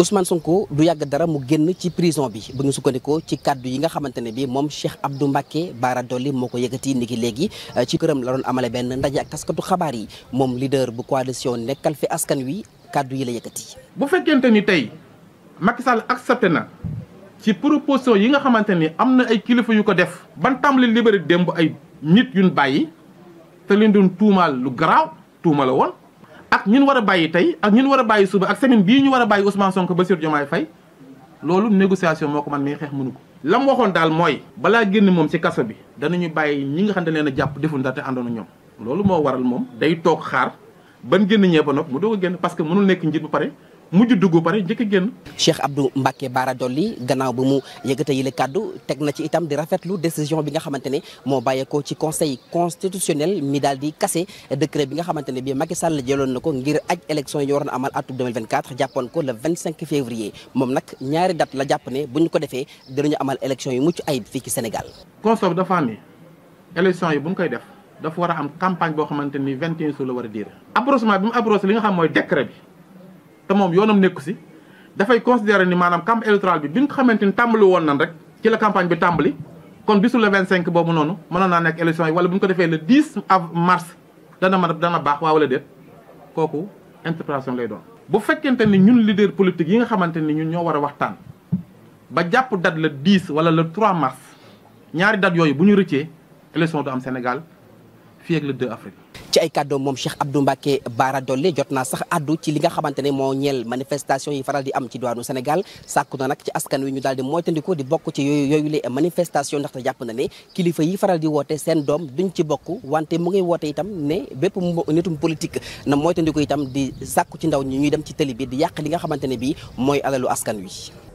Ousmane Sonko du yàgg dara mu génn ci prison bi bu ñu sukkandikoo ci kàddu yi nga xamante ne bi moom Cheikh Abdou Mbacké Bara Dolly moo ko yëkkati ni ki léegi eh, ci këram la doon amale benn ndaje ak taskatu xabaar yi moom leader bu coalition nekkal fi askan wi kàddu yi la yëkkati. bu fekkente ni tey Macky Sall accepté na ci proposition yi nga xamante ni am na ay kilifa yu ko def ban tàmbali libéré démb ay nit yuñ bàyyi. te leen doon tuumaal lu garaaw tuuma la woon ak ñun war a bàyyi tey ak ñun war a bàyyi suba ak semaine bii ñu war a bàyyi Ousmane Sonko Bassirou Diomaye Faye loolu négociation moo ko man mais xeex mënu ko lam waxoon daal mooy balaa génn moom ci kaso bi dana ñu bàyyi ñi nga xam ne leen a jàpp deful dara te àndoon ñoom loolu moo waral moom day toog xaar ban génn ñee ba nopp mu doog a génn parce que mënul nekk njiit bu pare mujj dugg pare njëkk génn. Cheikh Abdou Mbacke Bara Dolly gannaaw ba mu yëkkate yi la kàddu teg na ci itam di rafetlu décision bi nga xamante moo bàyyeekoo ci conseil constitutionnel mi daal di kase décret bi nga xamante ne bii Macky Sall jëloon na ko ngir aj élection yi waroon amal atum 2024 ko le 25 février moom nag ñaari date la jàpp ne bu ñu ko defee dinañu amal élection yu mucc ayib fii ci Sénégal. bi dafa am ni yi bu ñu koy def dafa a am a diir. approchement te moom yoonam nekku si dafay considérer ni maanaam campagne électorale bi bi nga xamante ni tàmbali woon nan rek ci la campagne bi tàmbali kon bisu le 25 boobu noonu mënoon naa nekk élection yi wala bu ñu ko defee le 10 av mars dana mën dana baax waa wala déet kooku interprétation lay doon. bu fekkente ni ñun leader politique yi nga xamante ni ñun ñoo war a waxtaan ba jàpp date le 10 wala le 3 mars ñaari date yooyu bu ñu rëccee élection du am Sénégal fii ak le 2 avril. ci ay kàddoom moom Cheikh Abdou Mbacké Bara Dolly jot naa sax addu ci li nga xamante ne moo ñeel manifestation yi faral di am ci diwaanu Sénégal sàkku na nag ci askan wi ñu daal di moytandiku di bokk ci yooyu yooyu les manifestation ndaxte jàpp na ne kilifa yi faral di woote seen doom duñ ci bokk wante mu ngay woote itam ne bépp nitum politique na moytandiku itam di sàkku ci ndaw ñi ñuy dem ci tëli bi di yàq li nga xamante ne bi mooy alalu askan wi